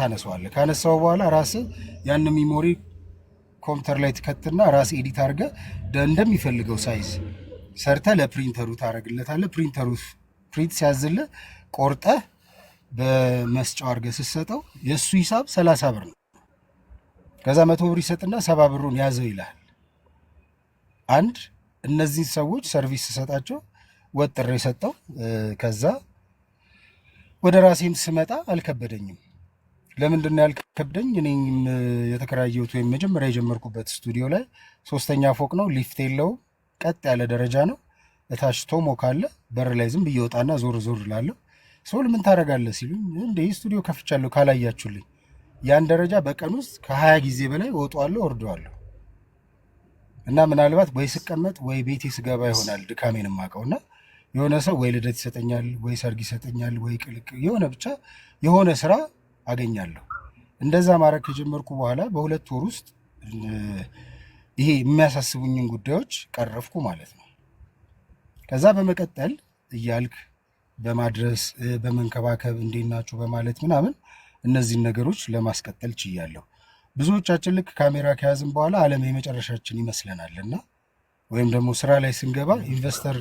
ታነሰዋለህ። ካነሳው በኋላ ራስ ያን ሚሞሪ ኮምፒውተር ላይ ትከትና ራስ ኤዲት አድርገህ እንደሚፈልገው ሳይዝ ሰርተ ለፕሪንተሩ ታደርግለታለህ። ፕሪንተሩ ፕሪንት ሲያዝልህ ቆርጠ በመስጫው አርገ ስትሰጠው የእሱ ሂሳብ ሰላሳ ብር ነው። ከዛ መቶ ብር ይሰጥና ሰባ ብሩን ያዘው ይላል። አንድ እነዚህ ሰዎች ሰርቪስ ስሰጣቸው ወጥሬ ሰጠው። ከዛ ወደ ራሴም ስመጣ አልከበደኝም። ለምንድን ነው ያልከብደኝ? እኔም የተከራየሁት ወይም መጀመሪያ የጀመርኩበት ስቱዲዮ ላይ ሶስተኛ ፎቅ ነው፣ ሊፍት የለውም፣ ቀጥ ያለ ደረጃ ነው። እታች ቶሞ ካለ በር ላይ ዝም ብዬ ወጣና ዞር ዞር እላለሁ። ሰው ምን ታደርጋለህ ሲሉ እንደ ስቱዲዮ ከፍቻለሁ ካላያችሁልኝ። ያን ደረጃ በቀን ውስጥ ከሀያ ጊዜ በላይ እወጣዋለሁ፣ ወርደዋለሁ እና ምናልባት ወይ ስቀመጥ ወይ ቤቴ ስገባ ይሆናል ድካሜን የማውቀው እና የሆነ ሰው ወይ ልደት ይሰጠኛል፣ ወይ ሰርግ ይሰጠኛል፣ ወይ ቅልቅ የሆነ ብቻ የሆነ ስራ አገኛለሁ። እንደዛ ማድረግ ከጀመርኩ በኋላ በሁለት ወር ውስጥ ይሄ የሚያሳስቡኝን ጉዳዮች ቀረፍኩ ማለት ነው። ከዛ በመቀጠል እያልክ በማድረስ በመንከባከብ እንዴት ናችሁ በማለት ምናምን እነዚህን ነገሮች ለማስቀጠል ችያለሁ። ብዙዎቻችን ልክ ካሜራ ከያዝን በኋላ ዓለም የመጨረሻችን ይመስለናል እና ወይም ደግሞ ስራ ላይ ስንገባ ኢንቨስተር